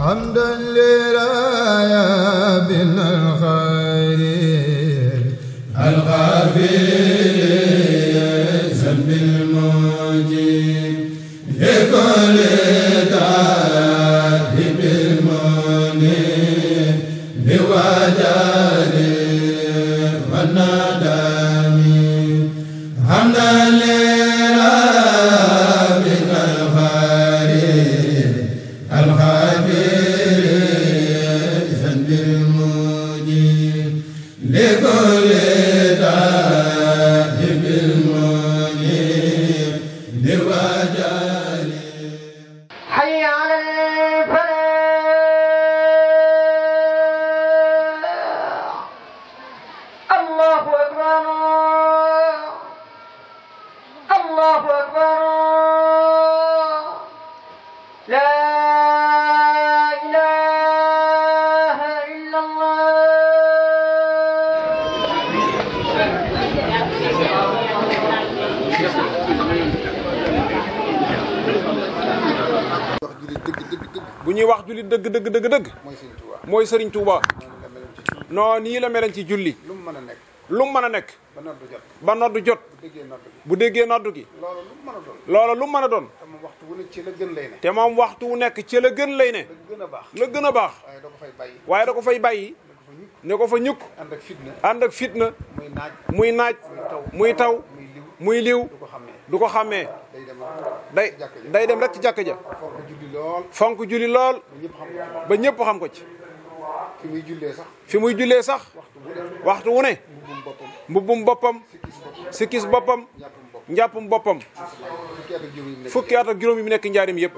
حمدا لرايا بن الخير الغافر ذنب الموجب لكل دار بالمنيب لوجه أكبر الله أكبر لا bu ñuy wax jullit dëgg dëgg dëgg dëgg mooy Serigne Touba noonu yi la mel ci julli lu nekk lu mu mën a nekk. ba noddu jot ba noddu jot. bu déggee noddu gi bu déggee loola lu mu mën a doon. mu mën te moom waxtu wu nekk ci la gën lay ne. waxtu wu nekk ci la gën lay ne. gën a baax la gën a baax. waaye da ko fay bàyyi. waaye da ko fay bàyyi. ne ko fa ñukk. ànd ak fitna ànd ak fitna. muy naaj muy naaj. muy taw muy liw. du ko xàmmee day day dem rek ci jàkka ja fonk julli lool ba ñëpp xam ko ci fi muy jullee sax waxtu wu ne mbubbum boppam sikkis boppam njàppum boppam fukki at ak juróom yi mu nekk njaarim yëpp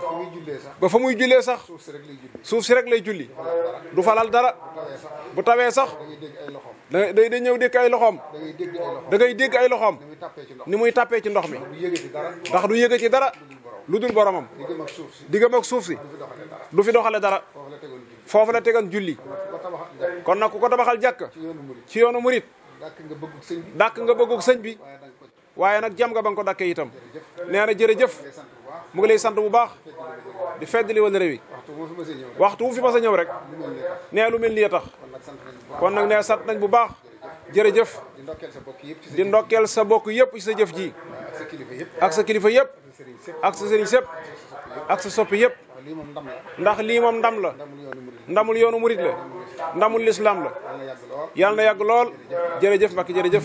ba fa muy jullee sax suuf si rek lay julli du falal dara bu tawee sax da day ñëw dégg ay loxoom da ngay dégg ay loxoom ni muy tappee ci ndox mi ndax du yëge ci dara lu dul boromam diggam ak suuf si du fi doxale dara foofu la tegan julli kon nag ku ko tabaxal jàkk ci yoonu murit dakk nga bëggug sëñ bi nga bëggug sëñ bi waaye nag jam nga ba nga ko dàkkee itam nee na jërëjëf mu ngi lay sant bu baax di feddali wala réew yi waxtu wu fi mas a ñëw rek nee lu mel nii tax kon nag nee sant nañ bu baax jërëjëf di ndokkeel sa bokk yëpp sa jëf ji ak sa kilifa yëpp ak sa sëriñ sëpp ak sa soppi yëpp ndax lii moom ndam la ndamul yoonu murit la ndamul lislaam la yàlla na yàgg lool jërëjëf Mbacke jërëjëf